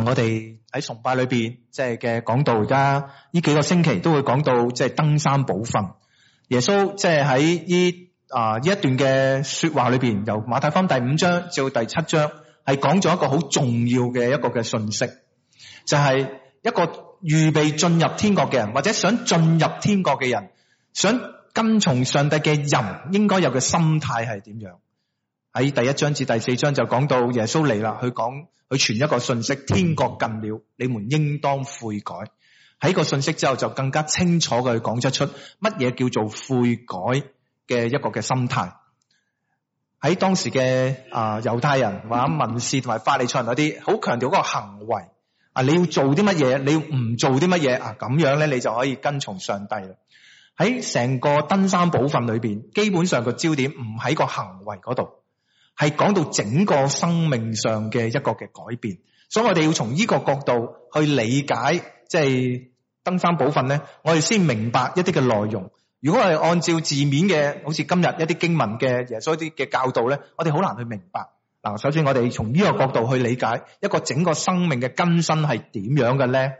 我哋喺崇拜裏邊，即係嘅講到而家呢幾個星期都會講到，即係登山寶訓。耶穌即係喺呢啊呢一段嘅說話裏邊，由馬太福音第五章至到第七章，係講咗一個好重要嘅一個嘅信息，就係一個預備進入天國嘅人，或者想進入天國嘅人，想跟從上帝嘅人，應該有嘅心態係點樣？喺第一章至第四章就講到耶穌嚟啦，佢講佢傳一個信息，天國近了，你們應當悔改。喺個信息之後就更加清楚嘅去講得出乜嘢叫做悔改嘅一個嘅心態。喺當時嘅，啊猶太人或者文士同埋法利賽人啲，好強調嗰個行為啊，你要做啲乜嘢，你要唔做啲乜嘢啊，咁樣咧你就可以跟從上帝啦。喺成個登山寶訓裏邊，基本上個焦點唔喺個行為嗰度。係講到整個生命上嘅一個嘅改變，所以我哋要從呢個角度去理解，即係登山寶訓咧，我哋先明白一啲嘅內容。如果係按照字面嘅，好似今日一啲經文嘅耶穌一啲嘅教導咧，我哋好難去明白。嗱，首先我哋從呢個角度去理解一個整個生命嘅更新係點樣嘅咧？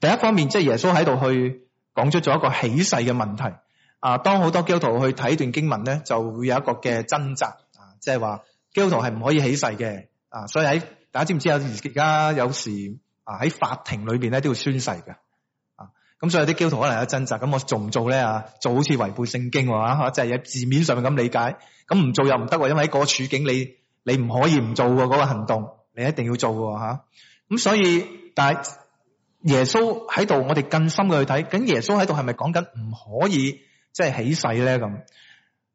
第一方面即係耶穌喺度去講出咗一個起誓嘅問題。啊，當好多基督徒去睇段經文咧，就會有一個嘅掙扎。即係話，基督徒係唔可以起誓嘅啊！所以喺大家知唔知啊？而家有時啊喺法庭裏邊咧都要宣誓嘅啊！咁所以啲基督徒可能有掙扎，咁我做唔做咧啊？做好似違背聖經啊！即係喺字面上面咁理解，咁唔做又唔得喎，因為喺個處境你你唔可以唔做嗰個行動，你一定要做吓。咁所以但係耶穌喺度，我哋更深嘅去睇，咁耶穌喺度係咪講緊唔可以即係起誓咧？咁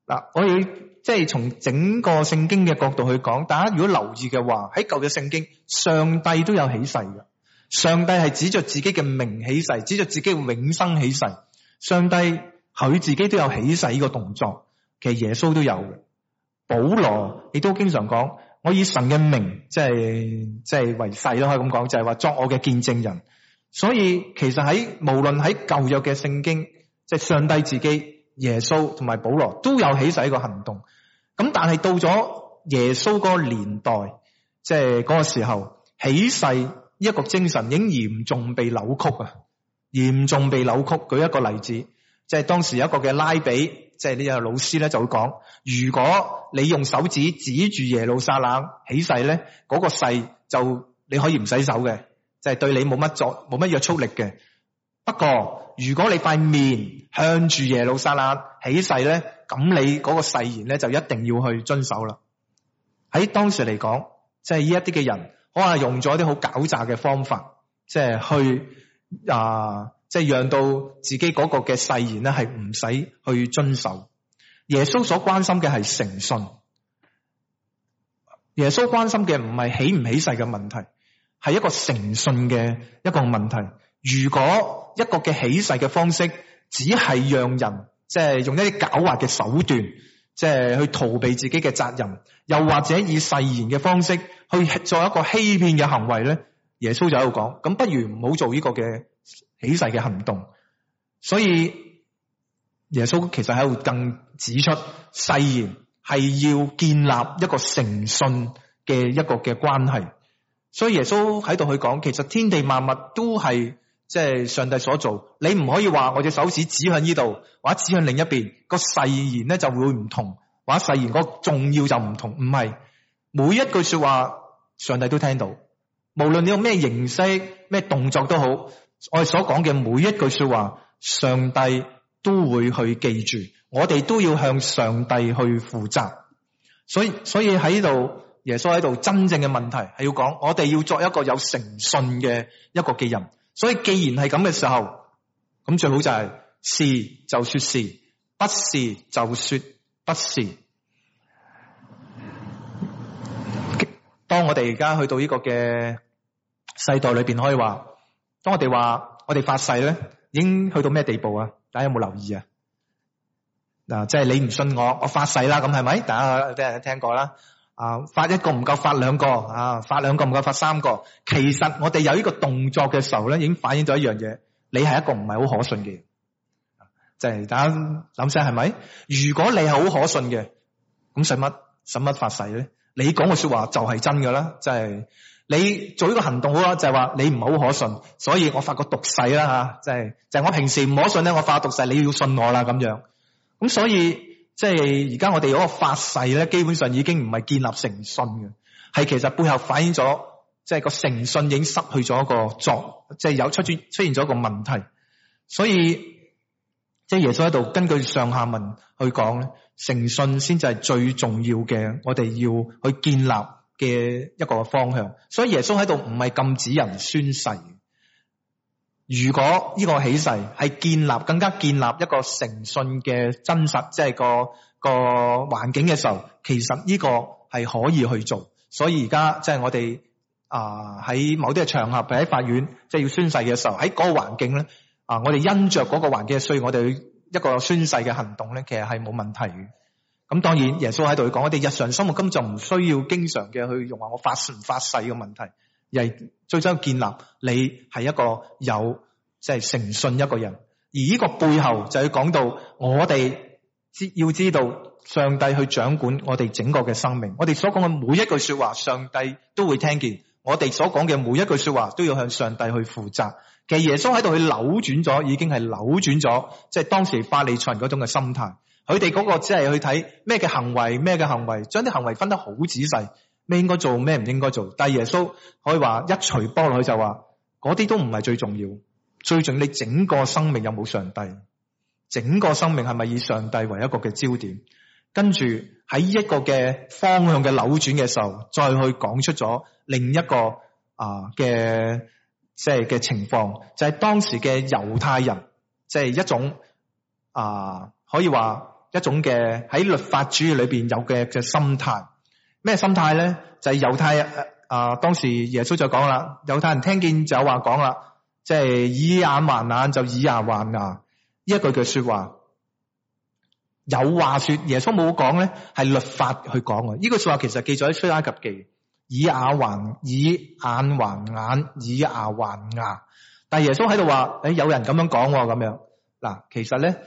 嗱，我可以。即係從整個聖經嘅角度去講，大家如果留意嘅話，喺舊嘅聖經上帝都有起誓嘅，上帝係指著自己嘅名起誓，指著自己永生起誓。上帝佢自己都有起誓呢個動作，其實耶穌都有嘅。保羅亦都經常講，我以神嘅名，即係即係為誓咯，可以咁講，就係話作我嘅見證人。所以其實喺無論喺舊約嘅聖經，即係上帝自己、耶穌同埋保羅都有起誓一個行動。咁但係到咗耶穌嗰個年代，即係嗰個時候起誓一個精神已經嚴重被扭曲啊，嚴重被扭曲。舉一個例子，即係當時有一個嘅拉比，即係呢個老師咧就會講：如果你用手指指住耶路撒冷起誓咧，嗰個誓就你可以唔洗守嘅，就係對你冇乜作冇乜約束力嘅。不過如果你塊面向住耶路撒冷起誓咧。咁你嗰個誓言咧就一定要去遵守啦。喺當時嚟講，即係呢一啲嘅人，可能用咗啲好狡詐嘅方法，即係去啊，即係讓到自己嗰個嘅誓言咧係唔使去遵守。耶穌所關心嘅係誠信，耶穌關心嘅唔係起唔起誓嘅問題，係一個誠信嘅一個問題。如果一個嘅起誓嘅方式只係讓人。即係用一啲狡猾嘅手段，即係去逃避自己嘅責任，又或者以誓言嘅方式去做一個欺騙嘅行為咧，耶穌就喺度講，咁不如唔好做呢個嘅起誓嘅行動。所以耶穌其實喺度更指出，誓言係要建立一個誠信嘅一個嘅關係。所以耶穌喺度去講，其實天地萬物都係。即係上帝所做，你唔可以話我隻手指指向呢度，或者指向另一邊，個誓言咧就會唔同，或者誓言個重要就唔同。唔係，每一句說話，上帝都聽到，無論你用咩形式、咩動作都好，我哋所講嘅每一句說話，上帝都會去記住，我哋都要向上帝去負責。所以，所以喺度耶穌喺度真正嘅問題係要講，我哋要作一個有誠信嘅一個記印。所以既然係咁嘅時候，咁最好就係是就說是，不是就說不是。當我哋而家去到呢個嘅世代裏邊，可以話，當我哋話我哋發誓咧，已經去到咩地步啊？大家有冇留意啊？嗱，即係你唔信我，我發誓啦，咁係咪？大家有啲人聽過啦。啊！發一個唔夠，發兩個啊！發兩個唔夠，發三個。其實我哋有呢個動作嘅時候咧，已經反映咗一樣嘢：，你係一個唔係好可信嘅，即係大家諗下係咪？如果你係好可信嘅，咁使乜使乜發誓咧？你講嘅說話就係真嘅啦，即係你做呢個行動好啦，就係話你唔係好可信，所以我發個毒誓啦吓，即係就係我平時唔可信咧，我發毒誓，你要信我啦咁樣。咁所以。即係而家我哋嗰個發誓咧，基本上已經唔係建立誠信嘅，係其實背後反映咗，即係個誠信已經失去咗一個作，即係有出現出現咗一個問題。所以即係耶穌喺度根據上下文去講咧，誠信先至係最重要嘅，我哋要去建立嘅一個方向。所以耶穌喺度唔係禁止人宣誓。如果呢個起誓係建立更加建立一個誠信嘅真實，即係個個環境嘅時候，其實呢個係可以去做。所以而家即係我哋啊喺某啲嘅場合，或者法院即係要宣誓嘅時候，喺嗰個環境咧啊，我哋因着嗰個環境，所以我哋一個宣誓嘅行動咧，其實係冇問題嘅。咁當然，耶穌喺度講，我哋日常生活根本就唔需要經常嘅去用話我發誓唔發誓嘅問題。亦最終建立你係一個有即係、就是、誠信一個人，而呢個背後就要講到我哋知要知道上帝去掌管我哋整個嘅生命，我哋所講嘅每一句說話，上帝都會聽見，我哋所講嘅每一句說話都要向上帝去負責。其實耶穌喺度去扭轉咗，已經係扭轉咗，即係當時法利賽人嗰種嘅心態，佢哋嗰個只係去睇咩嘅行為，咩嘅行為，將啲行為分得好仔細。咩應該做，咩唔應該做？但係耶穌可以話一錘波落去就話，嗰啲都唔係最重要。最重要你整個生命有冇上帝，整個生命係咪以上帝為一個嘅焦點？跟住喺一個嘅方向嘅扭轉嘅時候，再去講出咗另一個啊嘅即係嘅情況，就係當時嘅猶太人，即係一種啊可以話一種嘅喺律法主義裏邊有嘅嘅心態。咩心態咧？就係、是、猶太啊！當時耶穌就講啦，猶太人聽見就話講啦，即、就、係、是、以眼還眼，就以牙還牙。呢一句句說話，有話說耶穌冇講咧，係律法去講。呢句說話其實記咗喺出埃及記，以眼還以眼還眼，以牙還牙。但係耶穌喺度話：誒、哎，有人咁樣講咁、啊、樣。嗱，其實咧。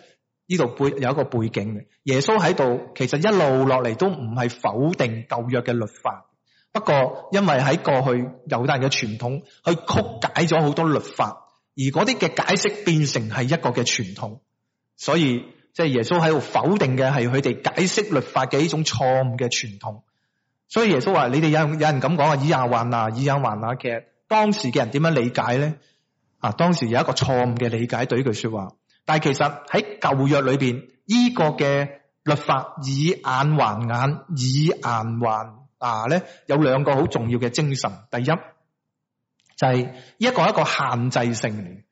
呢度背有一個背景嘅，耶穌喺度其實一路落嚟都唔係否定舊約嘅律法，不過因為喺過去猶大人嘅傳統去曲解咗好多律法，而嗰啲嘅解釋變成係一個嘅傳統，所以即係耶穌喺度否定嘅係佢哋解釋律法嘅呢種錯誤嘅傳統，所以耶穌話：你哋有有人咁講啊,啊，以牙還牙，以眼還眼。其實當時嘅人點樣理解咧？啊，當時有一個錯誤嘅理解對呢句說話。但係其實喺舊約裏邊呢、這個嘅律法以眼還眼，以眼還啊，咧有兩個好重要嘅精神，第一就係、是、一個一個限制性，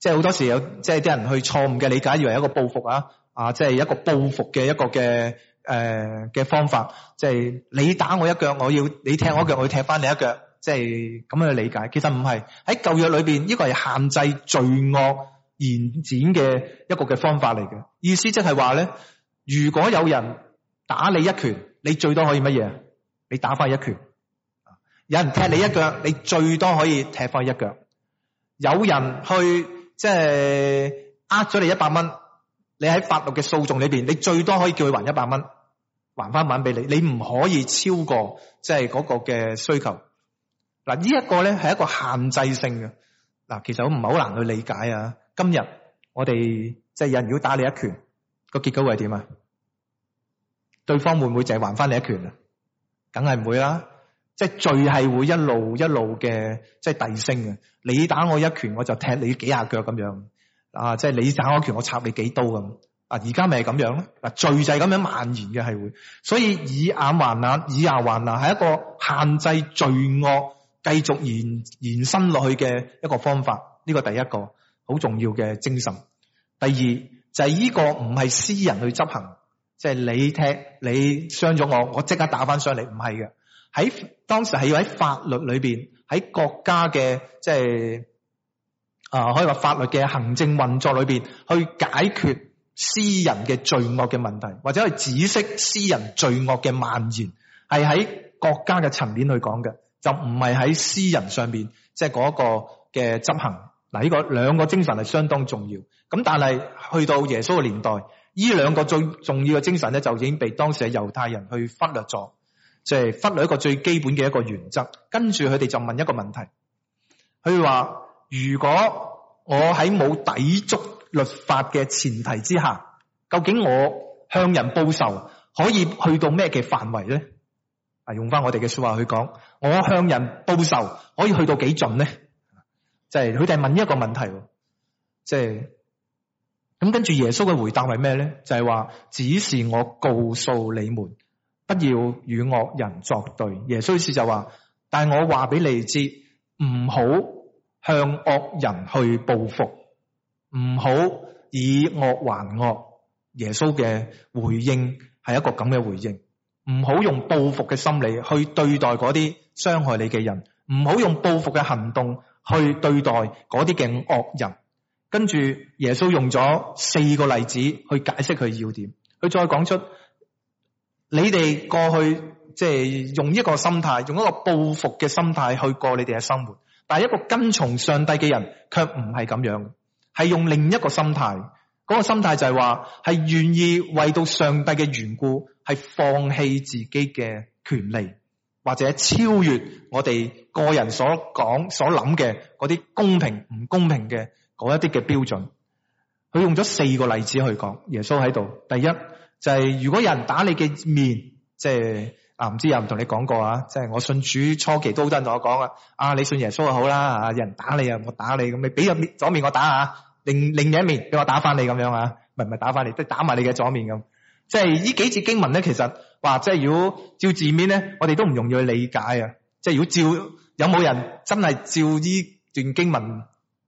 即係好多時有即係啲人去錯誤嘅理解，以為一個報復啊啊，即、就、係、是、一個報復嘅一個嘅誒嘅方法，即、就、係、是、你打我一腳，我要你踢我一腳，我要踢翻你一腳，即係咁樣去理解。其實唔係喺舊約裏邊呢、這個係限制罪惡延展嘅一個嘅方法嚟嘅，意思即係話咧，如果有人打你一拳，你最多可以乜嘢？你打翻一拳。有人踢你一腳，你最多可以踢翻一腳。有人去即係呃咗你一百蚊，你喺法律嘅訴訟裏邊，你最多可以叫佢還一百蚊，還翻翻俾你。你唔可以超過即係嗰個嘅需求。嗱，呢一個咧係一個限制性嘅。嗱，其實我唔係好難去理解啊。今日我哋即係人，如果打你一拳，個結果會係點啊？對方會唔會就係還翻你一拳啊？梗係唔會啦！即係罪係會一路一路嘅，即係遞升嘅。你打我一拳，我就踢你幾下腳咁樣啊！即係你打我一拳，我插你幾刀咁啊！而家咪係咁樣咯嗱，罪就係咁樣蔓延嘅係會，所以以眼還眼，以牙還牙係一個限制罪惡繼續延延伸落去嘅一個方法。呢個第一個。好重要嘅精神。第二就係、是、呢個唔係私人去執行，即係你踢、你傷咗我，我即刻打翻上嚟。唔係嘅。喺當時係要喺法律裏邊，喺國家嘅即係啊，可以話法律嘅行政運作裏邊去解決私人嘅罪惡嘅問題，或者係止息私人罪惡嘅蔓延，係喺國家嘅層面去講嘅，就唔係喺私人上面，即係嗰個嘅執行。嗱，呢個兩個精神係相當重要。咁但係去到耶穌嘅年代，呢兩個最重要嘅精神咧，就已經被當時嘅猶太人去忽略咗，即係忽略一個最基本嘅一個原則。跟住佢哋就問一個問題，佢話如果我喺冇抵觸律法嘅前提之下，究竟我向人報仇可以去到咩嘅範圍咧？啊，用翻我哋嘅說話去講，我向人報仇可以去到幾盡咧？就係佢哋問一個問題，即係咁，跟住耶穌嘅回答係咩咧？就係話只是指示我告訴你們，不要與惡人作對。耶穌意思就話，但係我話俾你知，唔好向惡人去報復，唔好以惡還惡。耶穌嘅回應係一個咁嘅回應，唔好用報復嘅心理去對待嗰啲傷害你嘅人，唔好用報復嘅行動。去對待嗰啲嘅惡人，跟住耶穌用咗四個例子去解釋佢要點。佢再講出你哋過去即係用一個心態，用一個報復嘅心態去過你哋嘅生活，但係一個跟從上帝嘅人卻唔係咁樣，係用另一個心態。嗰個心態就係話係願意為到上帝嘅緣故，係放棄自己嘅權利。或者超越我哋個人所講、所諗嘅嗰啲公平唔公平嘅嗰一啲嘅標準，佢用咗四個例子去講耶穌喺度。第一就係、是、如果有人打你嘅面，即、就、係、是、啊，唔知有唔同你講過啊，即、就、係、是、我信主初期都好多人同我講啊，啊你信耶穌就好啦，有人打你啊，我打你咁你俾個面左面我打下，另另一面俾我打翻你咁樣啊，唔係打翻你，即係打埋你嘅左面咁。即係呢幾節經文咧，其實話即係如果照字面咧，我哋都唔容易去理解啊！即係如果照有冇人真係照呢段經文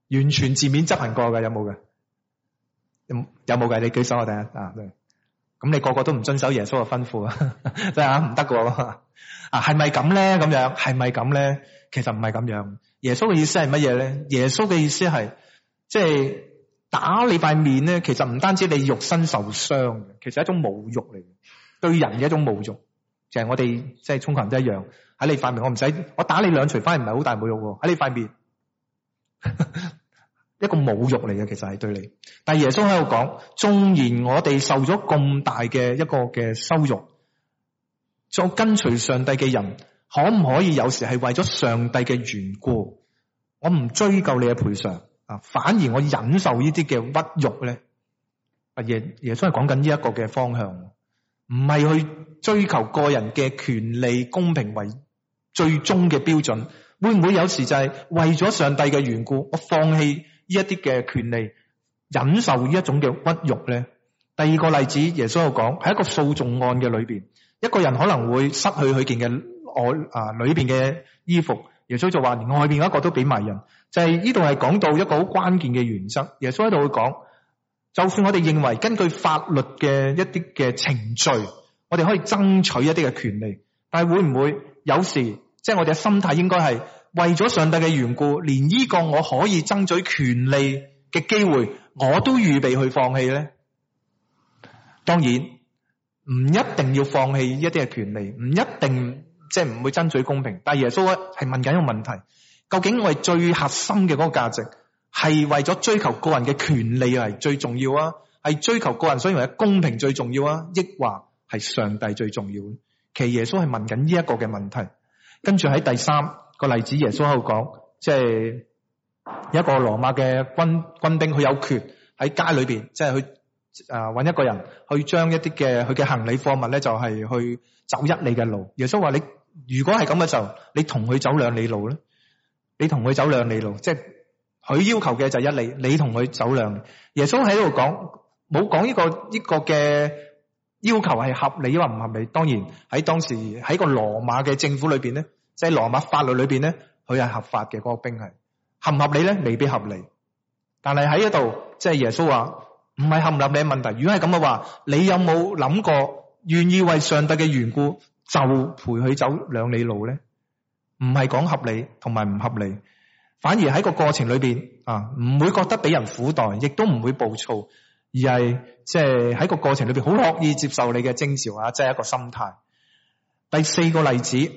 完全字面執行過嘅，有冇嘅？有冇嘅？你舉手我睇下啊！咁你個個都唔遵守耶穌嘅吩咐啊？即係啊，唔得噶咯！啊，係咪咁咧？咁樣係咪咁咧？其實唔係咁樣。耶穌嘅意思係乜嘢咧？耶穌嘅意思係即係。打你塊面咧，其實唔單止你肉身受傷，其實係一種侮辱嚟嘅，對人嘅一種侮辱，就係我哋即係衝拳都一樣喺你塊面。我唔使我打你兩錘翻，唔係好大侮辱喎。喺你塊面 一個侮辱嚟嘅，其實係對你。但係耶穌喺度講，縱然我哋受咗咁大嘅一個嘅羞辱，做跟隨上帝嘅人，可唔可以有時係為咗上帝嘅緣故，我唔追究你嘅賠償？啊！反而我忍受呢啲嘅屈辱咧，阿耶耶穌係講緊呢一個嘅方向，唔係去追求個人嘅權利公平為最終嘅標準，會唔會有時就係為咗上帝嘅緣故，我放棄呢一啲嘅權利，忍受呢一種嘅屈辱咧？第二個例子，耶穌又講，喺一個訴訟案嘅裏邊，一個人可能會失去佢件嘅外啊裏邊嘅衣服，耶穌就話連外邊一個都俾埋人。就係呢度係講到一個好關鍵嘅原則，耶穌喺度會講，就算我哋認為根據法律嘅一啲嘅程序，我哋可以爭取一啲嘅權利，但係會唔會有時即係我哋嘅心態應該係為咗上帝嘅緣故，連呢個我可以爭取權利嘅機會，我都預備去放棄呢？當然唔一定要放棄一啲嘅權利，唔一定即係唔會爭取公平，但係耶穌係問緊一個問題。究竟我哋最核心嘅嗰個價值係為咗追求個人嘅權利係最重要啊？係追求個人所謂嘅公平最重要啊？抑或係上帝最重要？其實耶穌係問緊呢一個嘅問題。跟住喺第三個例子，耶穌喺度講，即係一個羅馬嘅軍軍兵，佢有權喺街裏邊，即係去誒搵一個人去將一啲嘅佢嘅行李貨物咧，就係去走一里嘅路。耶穌話：你如果係咁嘅時候，你同佢走兩里路咧。你同佢走兩里路，即係佢要求嘅就係一里，你同佢走兩里。耶穌喺度講，冇講呢個呢、呢個嘅要求係合理或唔合理。當然喺當時喺個羅馬嘅政府裏邊咧，即係羅馬法律裏邊咧，佢係合法嘅。嗰、嗰個兵係合唔合理咧？未必合理。但係喺度，即係耶穌話唔係合唔合理嘅問題。如果係咁嘅話，你有冇諗過願意為上帝嘅緣故就陪佢走兩里路咧？唔係講合理同埋唔合理，反而喺個過程裏邊啊，唔會覺得俾人苦待，亦都唔會暴躁，而係即係喺個過程裏邊好樂意接受你嘅徵兆，啊！即、就、係、是、一個心態。第四個例子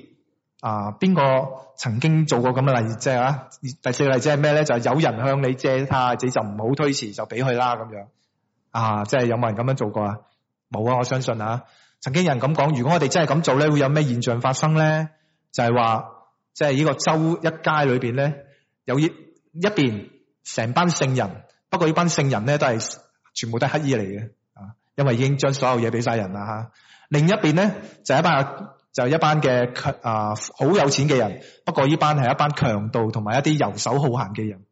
啊，邊個曾經做過咁嘅例子？即係啊，第四個例子係咩咧？就係、是、有人向你借，貸子就唔好推遲就、啊，就俾佢啦咁樣啊！即係有冇人咁樣做過啊？冇啊！我相信啊，曾經有人咁講，如果我哋真係咁做咧，會有咩現象發生咧？就係、是、話。即係呢個周一街裏邊咧，有一邊成班聖人，不過呢班聖人咧，都係全部都係乞兒嚟嘅。啊，因為已經將所有嘢俾晒人啦吓。另一邊咧就一班就係、一班嘅啊好有錢嘅人，不過呢班係一班強盜同埋一啲遊手好閒嘅人。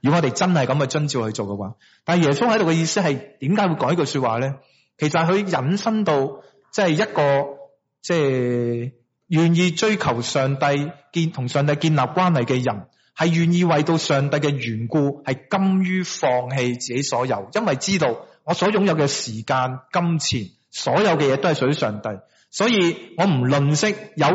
如果我哋真係咁去遵照去做嘅話，但係耶穌喺度嘅意思係點解會改呢句說話咧？其實佢引申到即係、即係、一個即係。即係願意追求上帝建同上帝建立關係嘅人，係願意為到上帝嘅緣故，係甘於放棄自己所有，因為知道我所擁有嘅時間、金錢，所有嘅嘢都係屬於上帝，所以我唔吝嗇。有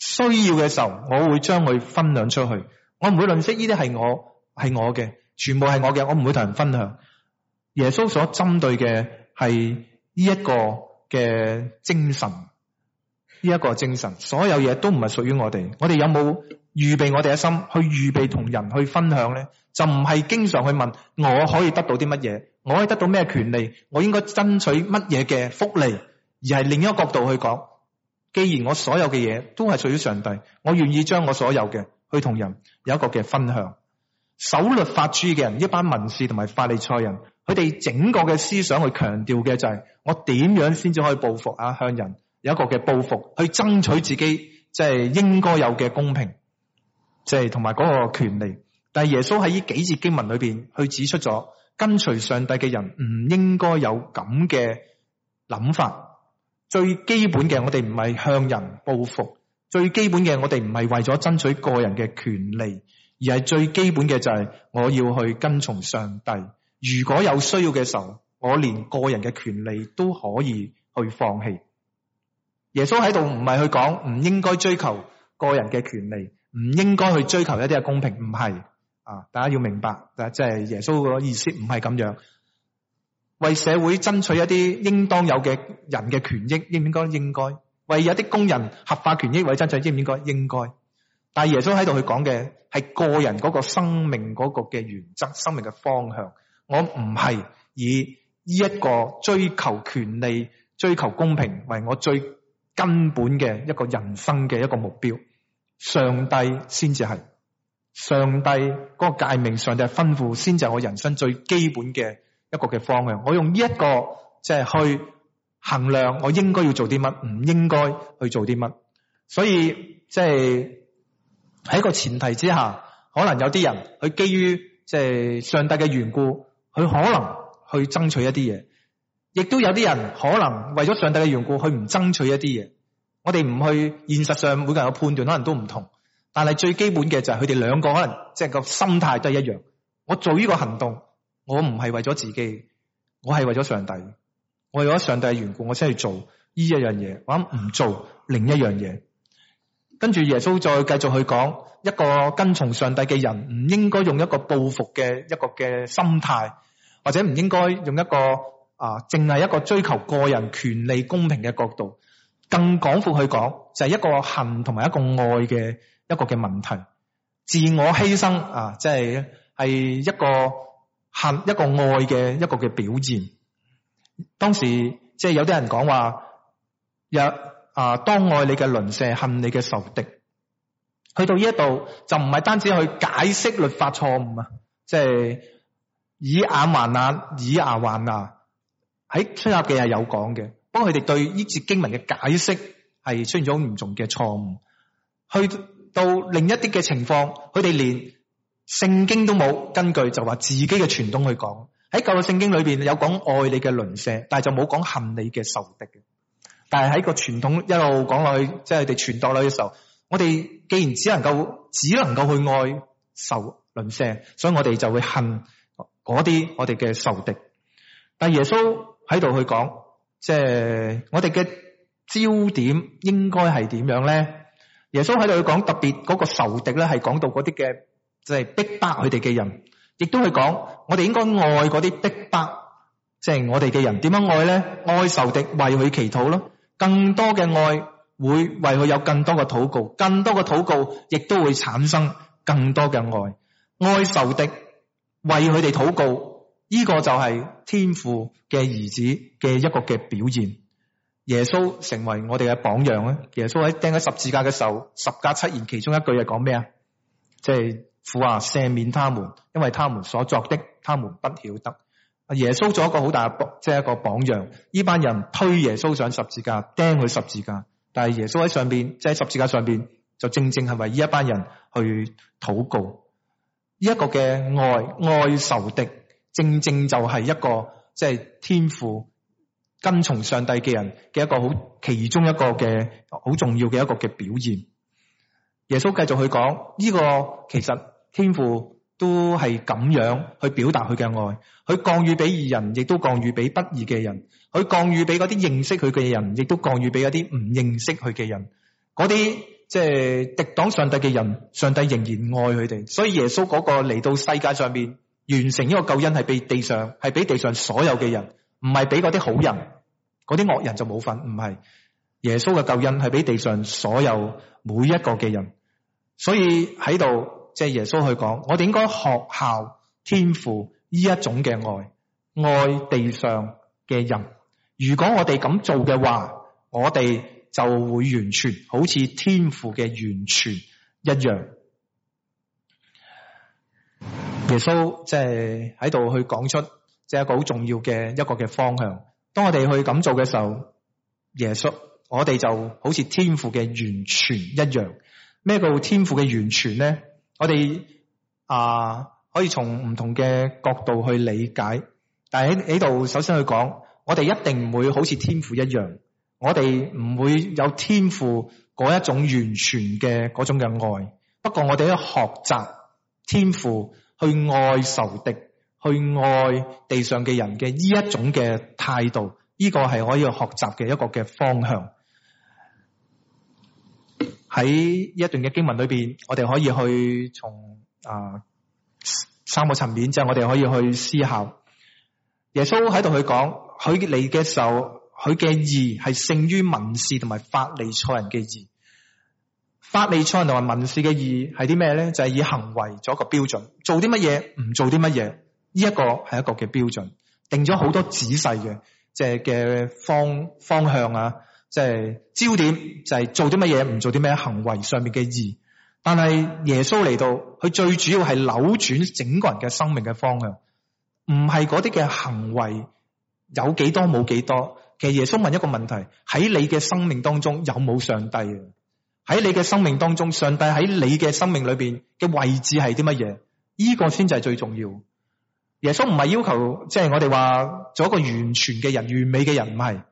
需要嘅時候，我會將佢分享出去。我唔會吝嗇，呢啲係我係我嘅，全部係我嘅，我唔會同人分享。耶穌所針對嘅係呢一個嘅精神。呢、這、一個精神，所有嘢都唔係屬於我哋。我哋有冇預備我哋嘅心去預備同人去分享呢？就唔係經常去問我可以得到啲乜嘢，我可以得到咩權利，我應該爭取乜嘢嘅福利，而係另一個角度去講。既然我所有嘅嘢都係屬於上帝，我願意將我所有嘅去同人有一個嘅分享。守律法主義嘅人，一班文士同埋法利賽人，佢哋整個嘅思想去強調嘅就係我點樣先至可以報復啊向人。有一個嘅報復，去爭取自己即係、就是、應該有嘅公平，即係同埋嗰個權利。但係耶穌喺呢幾節經文裏邊，去指出咗跟隨上帝嘅人唔應該有咁嘅諗法。最基本嘅，我哋唔係向人報復；最基本嘅，我哋唔係為咗爭取個人嘅權利，而係最基本嘅就係我要去跟從上帝。如果有需要嘅時候，我連個人嘅權利都可以去放棄。耶穌喺度唔係去講唔應該追求個人嘅權利，唔應該去追求一啲嘅公平，唔係啊，大家要明白啊，即係耶穌個意思唔係咁樣，為社會爭取一啲應當有嘅人嘅權益，應唔應該？應該。為一啲工人合法權益為爭取，應唔應該？應該。但係耶穌喺度去講嘅係個人嗰個生命嗰個嘅原則，生命嘅方向，我唔係以呢一個追求權利，追求公平為我最。根本嘅一個人生嘅一個目標，上帝先至係上帝嗰個誡命，上帝吩咐先至係我人生最基本嘅一個嘅方向。我用呢一個即係去衡量我應該要做啲乜，唔應該去做啲乜。所以即係喺個前提之下，可能有啲人佢基於即係上帝嘅緣故，佢可能去爭取一啲嘢。亦都有啲人可能為咗上帝嘅緣故，佢唔爭取一啲嘢。我哋唔去現實上每個人嘅判斷可能都唔同，但係最基本嘅就係佢哋兩個可能即係個心態都係一樣。我做呢個行動，我唔係為咗自己，我係為咗上帝。我為咗上帝嘅緣故，我先去做呢一樣嘢，我諗唔做另一樣嘢。跟住耶穌再繼續去講，一個跟從上帝嘅人唔應該用一個報復嘅一個嘅心態，或者唔應該用一個。啊，淨係一個追求個人權利公平嘅角度，更廣闊去講，就係一個恨同埋一個愛嘅一個嘅問題。自我犧牲啊，即係係一個恨一個愛嘅一個嘅表現。當時即係有啲人講話，有啊，當愛你嘅鄰舍，恨你嘅仇敵。去到呢一度就唔係單止去解釋律法錯誤啊，即係以眼還眼，以牙還牙。喺出納嘅係有講嘅，不過佢哋對呢節經文嘅解釋係出現咗好嚴重嘅錯誤。去到另一啲嘅情況，佢哋連聖經都冇根據，就話自己嘅傳統去講。喺舊嘅聖經裏邊有講，愛你嘅鄰舍，但係就冇講恨你嘅仇敵嘅。但係喺個傳統一路講落去，即係佢哋傳落去嘅時候，我哋既然只能夠只能夠去愛仇鄰舍，所以我哋就會恨嗰啲我哋嘅仇敵。但耶穌。喺度去講，即係我哋嘅焦點應該係點樣咧？耶穌喺度去講特別嗰個仇敵咧，係講到嗰啲嘅即係逼迫佢哋嘅人，亦都去講我哋應該愛嗰啲逼迫，即係我哋嘅人點樣愛咧？愛仇敵，為佢祈禱咯。更多嘅愛會為佢有更多嘅禱告，更多嘅禱告亦都會產生更多嘅愛。愛仇敵，為佢哋禱告。呢、這個就係天父嘅兒子嘅一個嘅表現。耶穌成為我哋嘅榜樣咧。耶穌喺釘喺十字架嘅時候，十架七言其中一句係講咩啊？即係父啊，赦免他們，因為他們所作的，他們不曉得。耶穌做一個好大嘅，即係一個榜樣。呢班人推耶穌上十字架，釘佢十字架，但係耶穌喺上邊，即係喺十字架上邊就正正係為呢一班人去禱告。呢、一個嘅愛愛仇敵。正正就係一個即係、就是、天父跟從上帝嘅人嘅一個好其中一個嘅好重要嘅一個嘅表現。耶穌繼續去講呢、這個其實天父都係咁樣去表達佢嘅愛，佢降雨俾義人，亦都降雨俾不義嘅人，佢降雨俾嗰啲認識佢嘅人，亦都降雨俾嗰啲唔認識佢嘅人。嗰啲即係敵擋上帝嘅人，上帝仍然愛佢哋。所以耶穌嗰個嚟到世界上面。完成呢個救恩係俾地上，係俾地上所有嘅人，唔係俾嗰啲好人，嗰啲惡人就冇份。唔係耶穌嘅救恩係俾地上所有每一個嘅人，所以喺度即係耶穌去講，我哋應該學效天父呢一種嘅愛，愛地上嘅人。如果我哋咁做嘅話，我哋就會完全好似天父嘅完全一樣。耶穌即係喺度去講出即係一個好重要嘅一個嘅方向。當我哋去咁做嘅時候，耶穌我哋就好似天父嘅完全一樣。咩叫天父嘅完全呢？我哋啊可以從唔同嘅角度去理解。但係喺呢度首先去講，我哋一定唔會好似天父一樣，我哋唔會有天父嗰一種完全嘅嗰種嘅愛。不過我哋喺學習天父。去愛仇敵，去愛地上嘅人嘅呢一種嘅態度，呢個係可以學習嘅一個嘅方向。喺一段嘅經文裏邊，我哋可以去從啊三個層面，即係我哋可以去思考。耶穌喺度去講，佢嚟嘅時候，佢嘅義係勝於文士同埋法利賽人嘅義。法利賽同埋民事嘅義係啲咩咧？就係以行為做一個標準，做啲乜嘢唔做啲乜嘢？呢一個係一個嘅標準，定咗好多仔細嘅即係嘅方方向啊！即係焦點就係做啲乜嘢唔做啲咩行為上面嘅義。但係耶穌嚟到，佢最主要係扭轉整個人嘅生命嘅方向，唔係嗰啲嘅行為有幾多冇幾多。其實耶穌問一個問題：喺你嘅生命當中有冇上帝？喺你嘅生命當中，上帝喺你嘅生命裏邊嘅位置係啲乜嘢？呢個先至係最重要。耶穌唔係要求，即係我哋話做一個完全嘅人、完美嘅人，唔係。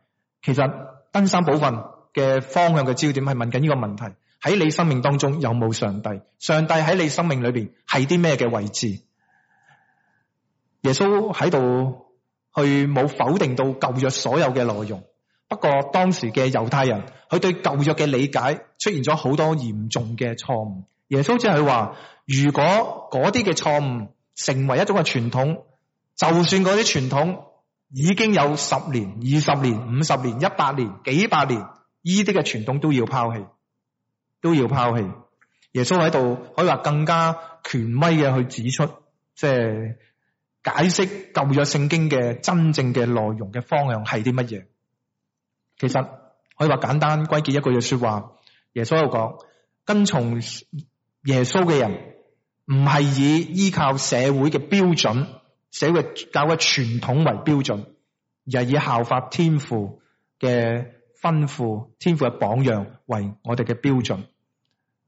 其實登山寶訓嘅方向嘅焦點係問緊呢個問題：喺你生命當中有冇上帝？上帝喺你生命裏邊係啲咩嘅位置？耶穌喺度去冇否定到舊約所有嘅內容。不過當時嘅猶太人，佢對舊約嘅理解出現咗好多嚴重嘅錯誤。耶穌即係話，如果嗰啲嘅錯誤成為一種嘅傳統，就算嗰啲傳統已經有十年、二十年、五十年、一百年、幾百年，呢啲嘅傳統都要拋棄，都要拋棄。耶穌喺度可以話更加權威嘅去指出，即係解釋舊約聖經嘅真正嘅內容嘅方向係啲乜嘢。其實可以話簡單歸結一句嘅說話，耶穌有講，跟從耶穌嘅人唔係以依靠社會嘅標準、社會教嘅傳統為標準，而係以效法天父嘅吩咐、天父嘅榜樣為我哋嘅標準。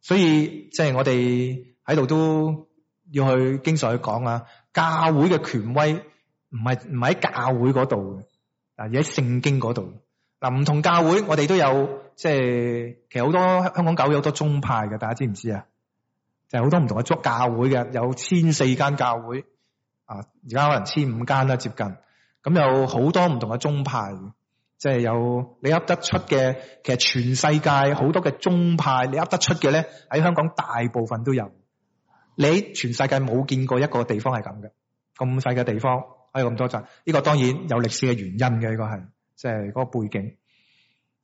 所以即係、就是、我哋喺度都要去經常去講啊，教會嘅權威唔係唔喺教會嗰度嘅，而喺聖經嗰度。嗱，唔同教會，我哋都有即係，其實好多香港教會好多宗派嘅，大家知唔知啊？就係好多唔同嘅宗教會嘅，有千四間教會啊，而家可能千五間啦，接近咁有好多唔同嘅宗派，即係有你噏得出嘅，其實全世界好多嘅宗派，你噏得出嘅咧，喺香港大部分都有，你全世界冇見過一個地方係咁嘅，咁細嘅地方，可以咁多陣，呢個當然有歷史嘅原因嘅，呢個係。即係嗰個背景，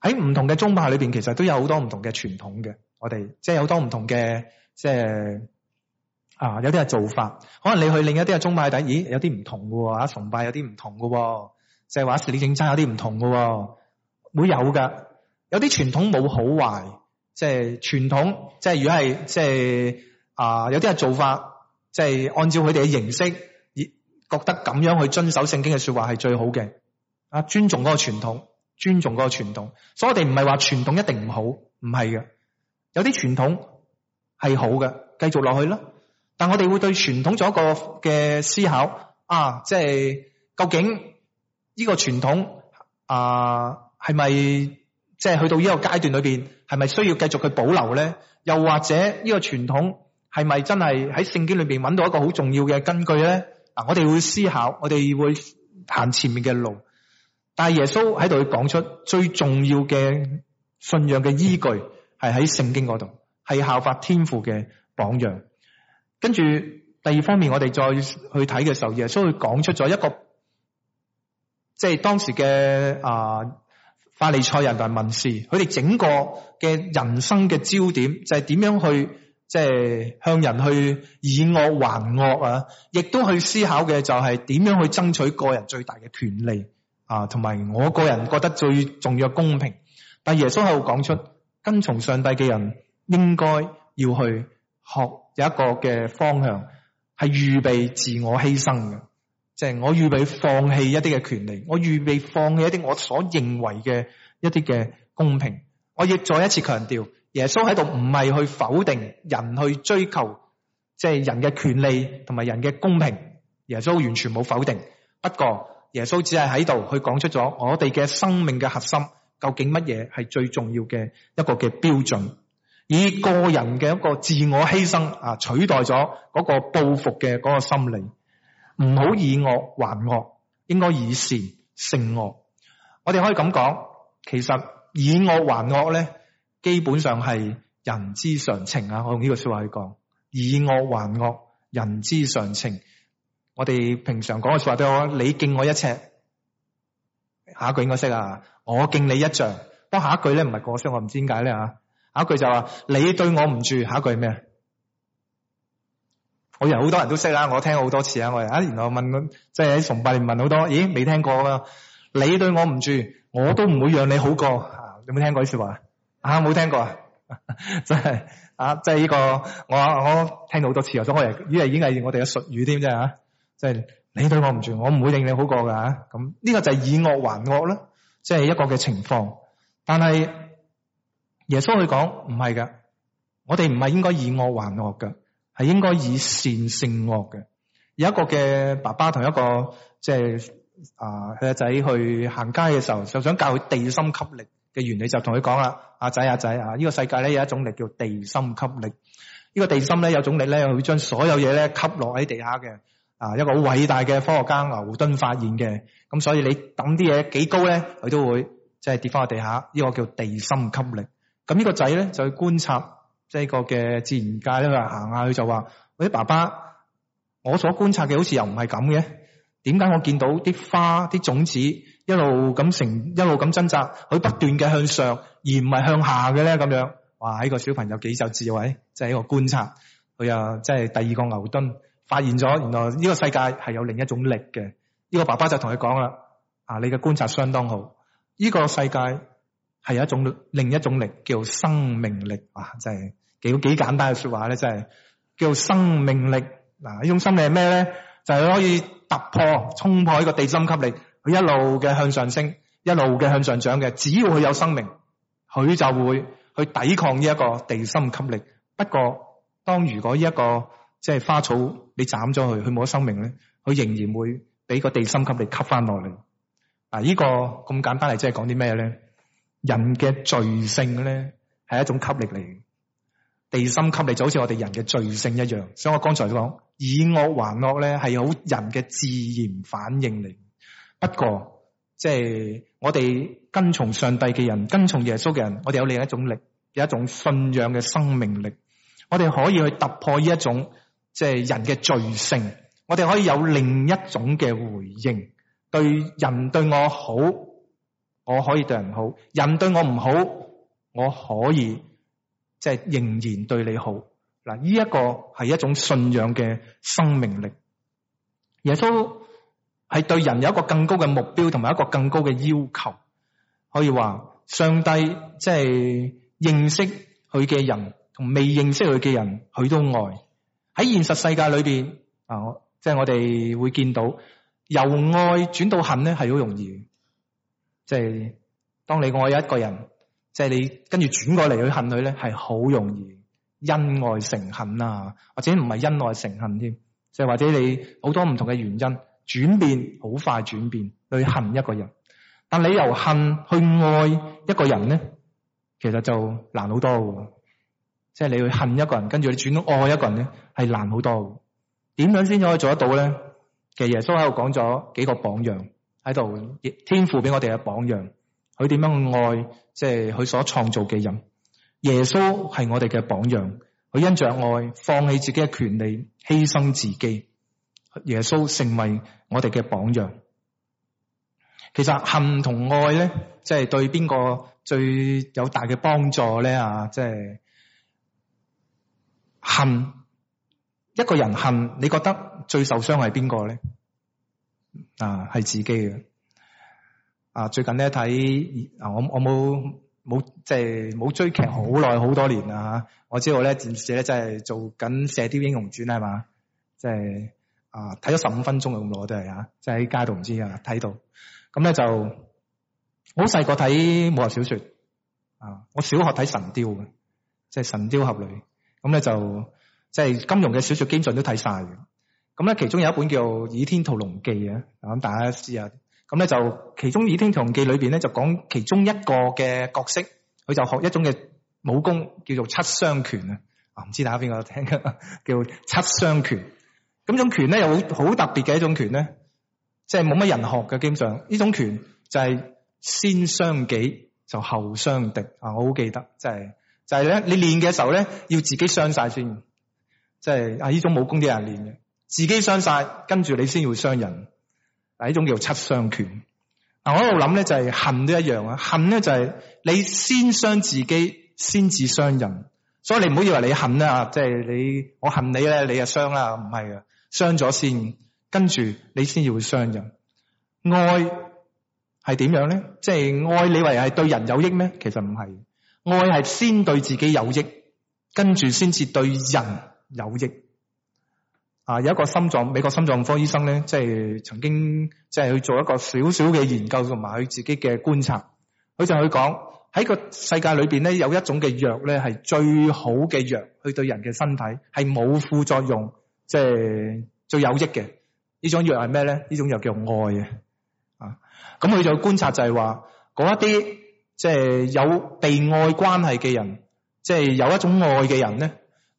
喺唔同嘅宗派裏邊，其實都有好多唔同嘅傳統嘅。我哋即係好多唔同嘅，即係啊，有啲係做法。可能你去另一啲嘅宗派底，咦，有啲唔同嘅啊，崇拜有啲唔同嘅，即係話事理競爭有啲唔同嘅，會有噶。有啲傳統冇好壞，即係傳統，即係如果係即係啊，有啲係做法，即係按照佢哋嘅形式而覺得咁樣去遵守聖經嘅說話係最好嘅。啊！尊重嗰個傳統，尊重嗰個傳統，所以我哋唔係話傳統一定唔好，唔係嘅，有啲傳統係好嘅，繼續落去咯。但我哋會對傳統做一個嘅思考啊，即係究竟呢個傳統啊係咪即係去到呢個階段裏邊係咪需要繼續去保留咧？又或者呢個傳統係咪真係喺聖經裏邊揾到一個好重要嘅根據咧？嗱、啊，我哋會思考，我哋會行前面嘅路。但係耶穌喺度去講出最重要嘅信仰嘅依據，係喺聖經嗰度，係效法天父嘅榜樣。跟住第二方面，我哋再去睇嘅時候，耶穌佢講出咗一個，即係當時嘅啊法利賽人同埋文士，佢哋整個嘅人生嘅焦點就係點樣去即係向人去以惡還惡啊，亦都去思考嘅就係點樣去爭取個人最大嘅權利。啊，同埋我個人覺得最重要公平，但耶穌喺度講出跟從上帝嘅人應該要去學有一個嘅方向，係預備自我犧牲嘅，即係我預備放棄一啲嘅權利，我預備放棄一啲我所認為嘅一啲嘅公平。我亦再一次強調，耶穌喺度唔係去否定人去追求，即係人嘅權利同埋人嘅公平。耶穌完全冇否定，不過。耶穌只係喺度去講出咗我哋嘅生命嘅核心，究竟乜嘢係最重要嘅一個嘅標準？以個人嘅一個自我犧牲啊，取代咗嗰個報復嘅嗰個心理，唔好以惡還惡，應該以善勝惡。我哋可以咁講，其實以惡還惡咧，基本上係人之常情啊！我用呢個說話去講，以惡還惡，人之常情。我哋平常講嘅說話都好，你敬我一尺，下一句應該識啦。我敬你一丈。不過下一句咧唔係過識，我唔知點解咧啊。下一句就話你對我唔住，下一句係咩？我人好多人都識啦，我聽好多次啊。我啊，原來我問即係喺崇拜問好多，咦？未聽過啊？你對我唔住，我都唔會讓你好過啊？有冇聽過呢？說話啊？冇聽過啊？真係啊！即係呢個我我聽好多次啊，都可能已經係我哋嘅術語添啫即係你對我唔住，我唔會令你好過噶。咁呢個就係以惡還惡啦，即係一個嘅情況。但係耶穌佢講唔係噶，我哋唔係應該以惡還惡㗎，係應該以善勝惡嘅。有一個嘅爸爸同一個即係啊阿仔去行街嘅時候，就想教佢地心吸力嘅原理，就同佢講啦：阿仔阿仔啊，呢個世界咧有一種力叫地心吸力，呢個地心咧有種力咧，會將所有嘢咧吸落喺地下嘅。啊，一個好偉大嘅科學家牛頓發現嘅，咁所以你抌啲嘢，幾高咧，佢都會即係、就是、跌翻落地下，呢、這個叫地心吸力。咁呢個仔咧就去觀察即係、就是、個嘅自然界一啦，行下佢就話：，喂，爸爸，我所觀察嘅好似又唔係咁嘅，點解我見到啲花啲種子一路咁成一路咁掙扎，佢不斷嘅向上而唔係向下嘅咧？咁樣，哇！呢、這個小朋友幾有智慧，即、就、係、是、一個觀察，佢又即係、就是、第二個牛頓。發現咗，原來呢個世界係有另一種力嘅。呢個爸爸就同佢講啦：，啊，你嘅觀察相當好。呢個世界係有一種另一種力，叫生命力。哇，真係幾幾簡單嘅說話咧，真係叫生命力。嗱，呢種生命係咩咧？就係、是、可以突破、衝破呢個地心吸力，佢一路嘅向上升，一路嘅向上漲嘅。只要佢有生命，佢就會去抵抗呢一個地心吸力。不過，當如果呢、這、一個即係花草你，你斬咗佢，佢冇咗生命咧，佢仍然會俾個地心吸力吸翻落嚟。嗱，呢個咁簡單嚟，即係講啲咩咧？人嘅罪性咧係一種吸力嚟，地心吸力就好似我哋人嘅罪性一樣。所以我剛才講以惡還惡咧係好人嘅自然反應嚟。不過即係、就是、我哋跟從上帝嘅人，跟從耶穌嘅人，我哋有另一種力，有一種信仰嘅生命力，我哋可以去突破呢一種。即係人嘅罪性，我哋可以有另一種嘅回應。對人對我好，我可以對人好；人對我唔好，我可以即係仍然對你好。嗱，呢一個係一種信仰嘅生命力。耶穌係對人有一個更高嘅目標，同埋一個更高嘅要求。可以話，上帝即係認識佢嘅人同未認識佢嘅人，佢都愛。喺現實世界裏邊啊，即係我哋會見到由愛轉到恨咧，係好容易嘅。即係當你愛一個人，即係你跟住轉過嚟去恨佢咧，係好容易因愛成恨啊，或者唔係因愛成恨添。即係或者你好多唔同嘅原因轉變，好快轉變去恨一個人。但你由恨去愛一個人咧，其實就難好多嘅。即係你會恨一個人，跟住你轉到愛一個人咧，係難好多。點樣先可以做得到咧？其實耶穌喺度講咗幾個榜樣喺度，天父俾我哋嘅榜樣，佢點樣去愛？即係佢所創造嘅人。耶穌係我哋嘅榜樣，佢因着愛放棄自己嘅權利，犧牲自己。耶穌成為我哋嘅榜樣。其實恨同愛咧，即係對邊個最有大嘅幫助咧？啊，即係。恨一個人恨，你覺得最受傷係邊個咧？啊，係自己嘅。啊，最近咧睇、就是，啊我我冇冇即係冇追劇好耐好多年啊，我知道咧，電視咧即係做緊《射雕英雄傳》係嘛，即係啊睇咗十五分鐘咁耐都係即係喺街度唔知啊睇到。咁咧就好細個睇武俠小說啊，我小學睇神雕嘅，即係《神雕俠侶》。咁咧就即係、就是、金庸嘅小說，基本上都睇晒嘅。咁咧其中有一本叫《倚天屠龍記》啊，咁大家知啊？咁咧就其中《倚天屠龍記》裏邊咧就講其中一個嘅角色，佢就學一種嘅武功，叫做七傷拳啊！啊，唔知大家邊個聽嘅，叫七傷拳？咁種拳咧有好好特別嘅一種拳咧，即係冇乜人學嘅。基本上呢種拳就係先傷己，就後傷敵啊！我好記得，即係。就係咧，你練嘅時候咧，要自己傷晒先，即係啊，呢種武功啲人練嘅，自己傷晒，跟住你先會傷人，係呢種叫七傷拳。嗱，我喺度諗咧，就係恨都一樣啊，恨咧就係你先傷自己，先至傷人，所以你唔好以為你恨啊，即係你我恨你咧，你啊傷啦，唔係啊，傷咗先，跟住你先會傷人。愛係點樣咧？即係愛你以為係對人有益咩？其實唔係。愛係先對自己有益，跟住先至對人有益。啊，有一個心臟，美國心臟科醫生咧，即係曾經即係去做一個少少嘅研究同埋佢自己嘅觀察，佢就去講喺個世界裏邊咧，有一種嘅藥咧係最好嘅藥，去對人嘅身體係冇副作用，即係最有益嘅。這種藥是什麼呢這種藥係咩咧？呢種藥叫愛嘅。啊，咁佢就觀察就係話嗰一啲。那些即係有被愛關係嘅人，即係有一種愛嘅人咧，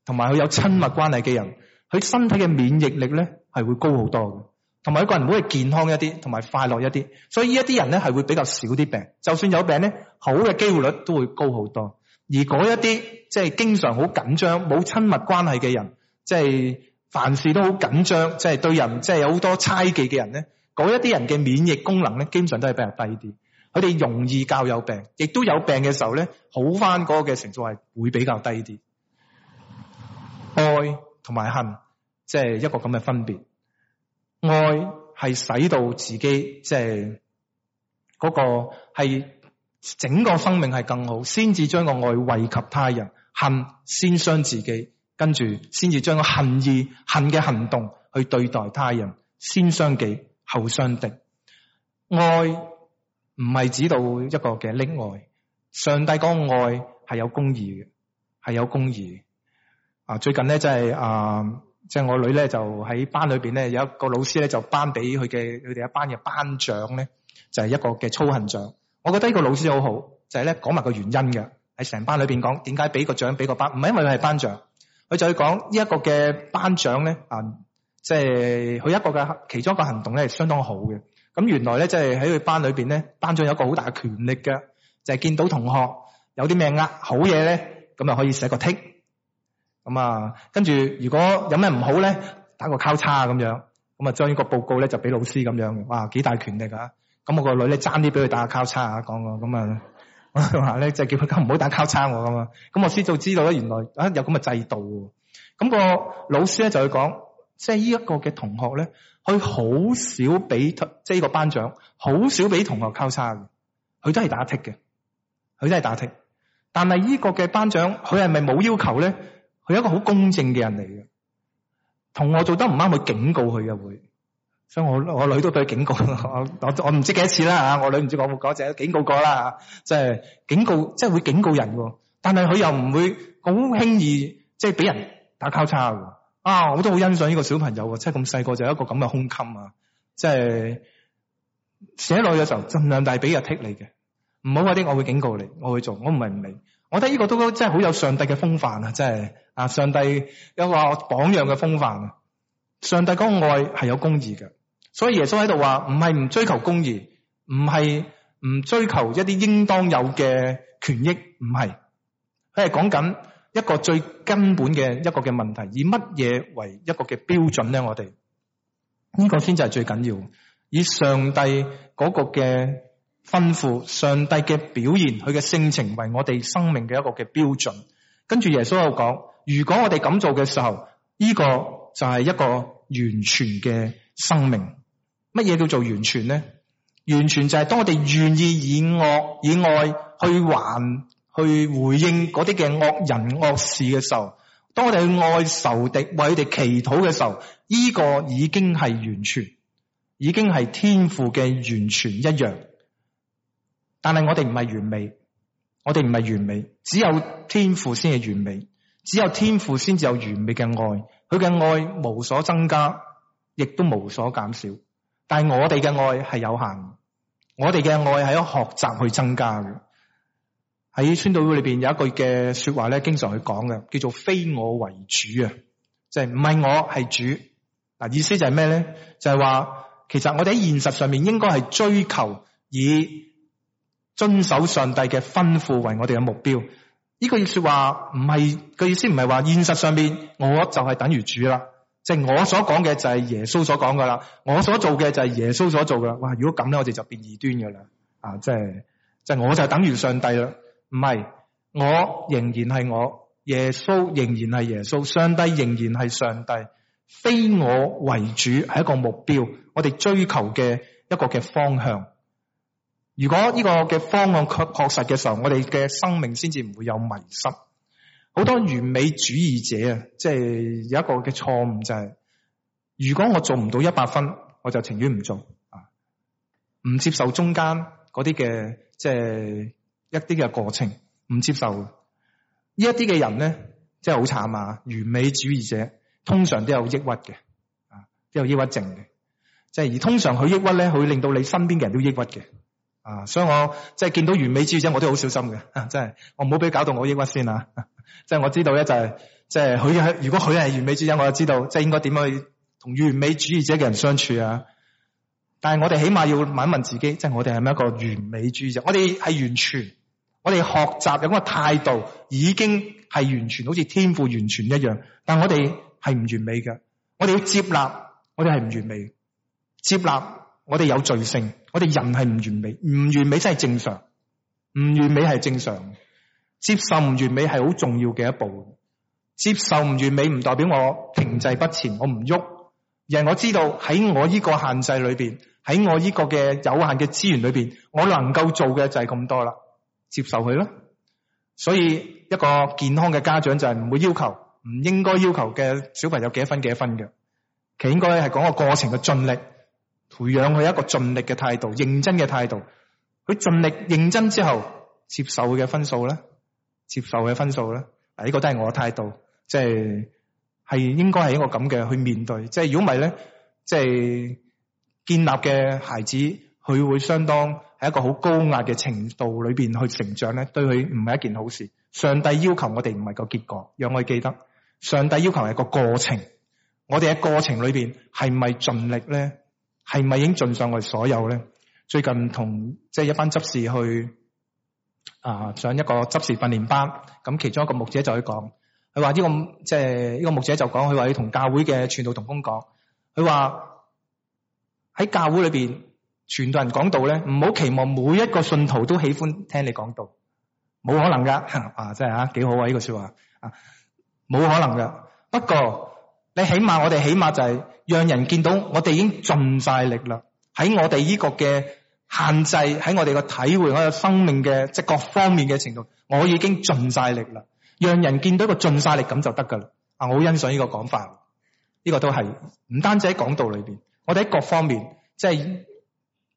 同埋佢有親密關係嘅人，佢身體嘅免疫力咧係會高好多嘅，同埋一個人會健康一啲，同埋快樂一啲，所以呢一啲人咧係會比較少啲病，就算有病咧，好嘅機會率都會高好多。而嗰一啲即係經常好緊張、冇親密關係嘅人，即係凡事都好緊張，即係對人即係有好多猜忌嘅人咧，嗰一啲人嘅免疫功能咧，基本上都係比較低啲。我哋容易教有病，亦都有病嘅時候咧，好翻嗰個嘅成數係會比較低啲。愛同埋恨，即係一個咁嘅分別。愛係使到自己，即係嗰個係整個生命係更好，先至將個愛惠及他人。恨先傷自己，跟住先至將個恨意、恨嘅行動去對待他人，先傷己後傷敵。愛。唔係指到一個嘅例外，上帝嗰個愛係有公義嘅，係有公義啊，最近咧即係啊，即係我女咧就喺班裏邊咧有一個老師咧就頒俾佢嘅佢哋一班嘅班長咧就係一個嘅操行獎。我覺得呢個老師好好，就係咧講埋個原因嘅，喺成班裏邊講點解俾個獎俾個班，唔係因為佢係班長，佢就去講呢一個嘅班長咧，啊，即係佢一個嘅其中一個行動咧係相當好嘅。咁原來咧，即係喺佢班裏邊咧，班長有一個好大嘅權力嘅，就係見到同學有啲咩呃好嘢咧，咁啊可以寫個 tick，咁啊跟住如果有咩唔好咧，打個交叉咁樣，咁啊將呢個報告咧就俾老師咁樣，哇幾大權力啊！咁我個女咧爭啲俾佢打個交叉啊，講講咁啊，話咧即係叫佢唔好打交叉我咁啊，咁我師就知道咧原來啊有咁嘅制度，咁個老師咧就會講，即係呢一個嘅同學咧。佢好少俾即係呢個班長好少俾同學交叉嘅，佢都係打剔嘅，佢都係打剔。但係呢個嘅班長佢係咪冇要求咧？佢係一個好公正嘅人嚟嘅，同學做得唔啱，會警告佢嘅會。所以我我女都俾佢警告我，我我唔知幾多次啦，我女唔知講冇講就警告過啦，即係警告即係會警告人嘅，但係佢又唔會好輕易即係俾人打交叉。啊！我都好欣賞呢個小朋友啊，即係咁細個就有一個咁嘅胸襟啊，即係寫落嘅時候盡量大俾人剔你嘅，唔好話，啲我會警告你，我會做，我唔係唔理。我覺得呢個都真係好有上帝嘅風範啊，即係啊上帝有個榜樣嘅風範啊，上帝嗰個愛係有公義嘅，所以耶穌喺度話唔係唔追求公義，唔係唔追求一啲應當有嘅權益，唔係，佢係講緊。一個最根本嘅一個嘅問題，以乜嘢為一個嘅標準咧？我哋呢個先就係最緊要。以上帝嗰個嘅吩咐、上帝嘅表現、佢嘅性情為我哋生命嘅一個嘅標準。跟住耶穌又講：如果我哋咁做嘅時候，呢個就係一個完全嘅生命。乜嘢叫做完全咧？完全就係當我哋願意以惡以愛去還。去回應嗰啲嘅惡人惡事嘅時候，當我哋去愛仇敵，為佢哋祈禱嘅時候，呢、這個已經係完全，已經係天父嘅完全一樣。但係我哋唔係完美，我哋唔係完美，只有天父先係完美，只有天父先至有完美嘅愛。佢嘅愛無所增加，亦都無所減少。但係我哋嘅愛係有限的，我哋嘅愛係喺學習去增加嘅。喺宣道會裏邊有一句嘅說話咧，經常去講嘅，叫做非我為主啊，即係唔係我係主嗱，意思就係咩咧？就係話，其實我哋喺現實上面應該係追求以遵守上帝嘅吩咐為我哋嘅目標。呢句說話唔係個意思，唔係話現實上面我就係等於主啦，即係我所講嘅就係耶穌所講噶啦，我所做嘅就係耶穌所做噶啦。哇，如果咁咧，我哋就變異端噶啦啊！即係即係我就係等於上帝啦。唔係，我仍然係我，耶穌仍然係耶穌，上帝仍然係上帝，非我為主係一個目標，我哋追求嘅一個嘅方向。如果呢個嘅方案確確實嘅時候，我哋嘅生命先至唔會有迷失。好多完美主義者啊，即係有一個嘅錯誤就係，如果我做唔到一百分，我就情願唔做啊，唔接受中間嗰啲嘅即係。就是一啲嘅過程唔接受，呢一啲嘅人咧，真係好慘啊！完美主義者通常都有抑鬱嘅，啊，都有抑鬱症嘅，即係而通常佢抑鬱咧，佢令到你身邊嘅人都抑鬱嘅，啊，所以我即係見到完美主義者，我都好小心嘅，啊，真係我唔好俾佢搞到我抑鬱先啊！即係我知道咧，就是，就係即係佢，如果佢係完美主義者，我就知道即係應該點樣去同完美主義者嘅人相處啊！但係我哋起碼要問一問自己，即係我哋係咪一個完美主義者？我哋係完全。我哋學習有個態度，已經係完全好似天父完全一樣，但我哋係唔完美嘅。我哋要接納，我哋係唔完美，接納我哋有罪性，我哋人係唔完美，唔完美真係正常，唔完美係正常。接受唔完美係好重要嘅一步，接受唔完美唔代表我停滯不前，我唔喐，而係我知道喺我呢個限制裏邊，喺我呢個嘅有限嘅資源裏邊，我能夠做嘅就係咁多啦。接受佢咯，所以一個健康嘅家長就係唔會要求，唔應該要求嘅小朋友幾多分幾多分嘅，其應該係講個過程嘅盡力，培養佢一個盡力嘅態度，認真嘅態度。佢盡力認真之後，接受佢嘅分數咧，接受佢嘅分數咧，嗱，呢個都係我嘅態度，即係係應該係一個咁嘅去面對。即係如果唔係咧，即係建立嘅孩子。佢會相當喺一個好高壓嘅程度裏邊去成長咧，對佢唔係一件好事。上帝要求我哋唔係個結果，讓我哋記得上帝要求係個過程。我哋喺過程裏邊係咪盡力咧？係咪已經盡上我哋所有咧？最近同即係一班執事去啊、呃、上一個執事訓練班，咁其中一個牧者就去講、這個，佢話呢個即係呢、這個牧者就講，佢話要同教會嘅傳道同工講，佢話喺教會裏邊。全道人講道咧，唔好期望每一個信徒都喜歡聽你講道，冇可能噶啊！真係啊，幾好啊呢個說話啊，冇可能噶。不過你起碼我哋起碼就係讓人見到我哋已經盡晒力啦。喺我哋呢個嘅限制，喺我哋個體會，我嘅生命嘅即各方面嘅程度，我已經盡晒力啦。讓人見到一個盡晒力咁就得噶啦。啊，我好欣賞呢個講法，呢、這個都係唔單止喺講道裏邊，我哋喺各方面即係。就是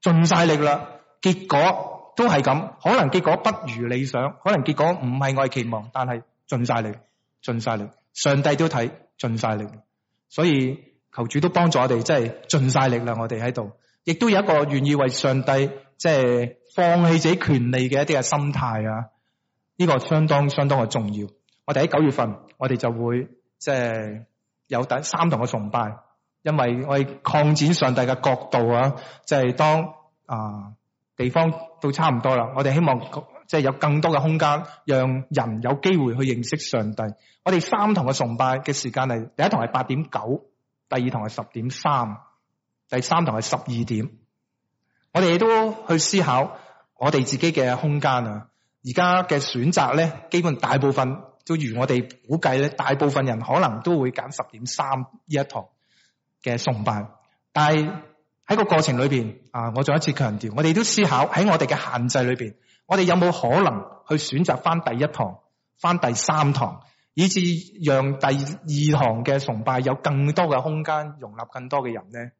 盡晒力啦，結果都係咁，可能結果不如理想，可能結果唔係我嘅期望，但係盡晒力，盡晒力，上帝都睇盡晒力，所以求主都幫助我哋，即係盡晒力啦，我哋喺度，亦都有一個願意為上帝即係放棄自己權利嘅一啲嘅心態啊，呢個相當相當嘅重要。我哋喺九月份，我哋就會即係有第三堂嘅崇拜。因為我哋擴展上帝嘅角度啊，就係、是、當啊、呃、地方都差唔多啦。我哋希望即係、就是、有更多嘅空間，讓人有機會去認識上帝。我哋三堂嘅崇拜嘅時間係第一堂係八點九，第二堂係十點三，第三堂係十二點。我哋亦都去思考我哋自己嘅空間啊。而家嘅選擇咧，基本大部分都如我哋估計咧，大部分人可能都會揀十點三呢一堂。嘅崇拜，但係喺個過程裏邊啊，我再一次強調，我哋都思考喺我哋嘅限制裏邊，我哋有冇可能去選擇翻第一堂、翻第三堂，以致讓第二堂嘅崇拜有更多嘅空間容納更多嘅人呢？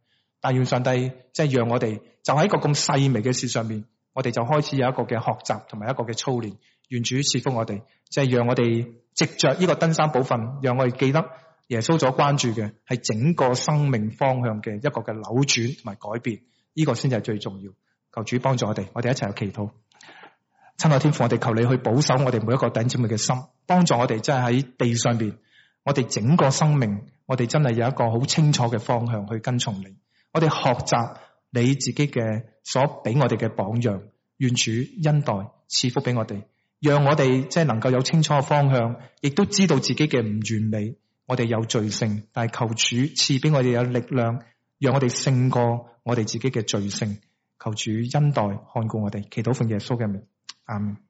但願上帝即係、就是、讓我哋就喺一個咁細微嘅事上面，我哋就開始有一個嘅學習同埋一個嘅操練，願主賜福我哋，即、就、係、是、讓我哋藉着呢個登山寶訓，讓我哋記得。耶穌所關注嘅係整個生命方向嘅一個嘅扭轉同埋改變，呢個先係最重要。求主幫助我哋，我哋一齊去祈禱。親愛天父，我哋求你去保守我哋每一個弟兄姊妹嘅心，幫助我哋，真係喺地上邊，我哋整個生命，我哋真係有一個好清楚嘅方向去跟從你。我哋學習你自己嘅所俾我哋嘅榜樣，願主恩待賜福俾我哋，讓我哋即係能夠有清楚嘅方向，亦都知道自己嘅唔完美。我哋有罪性，但係求主賜俾我哋有力量，讓我哋勝過我哋自己嘅罪性。求主恩待看顧我哋，祈禱奉耶穌嘅名，阿門。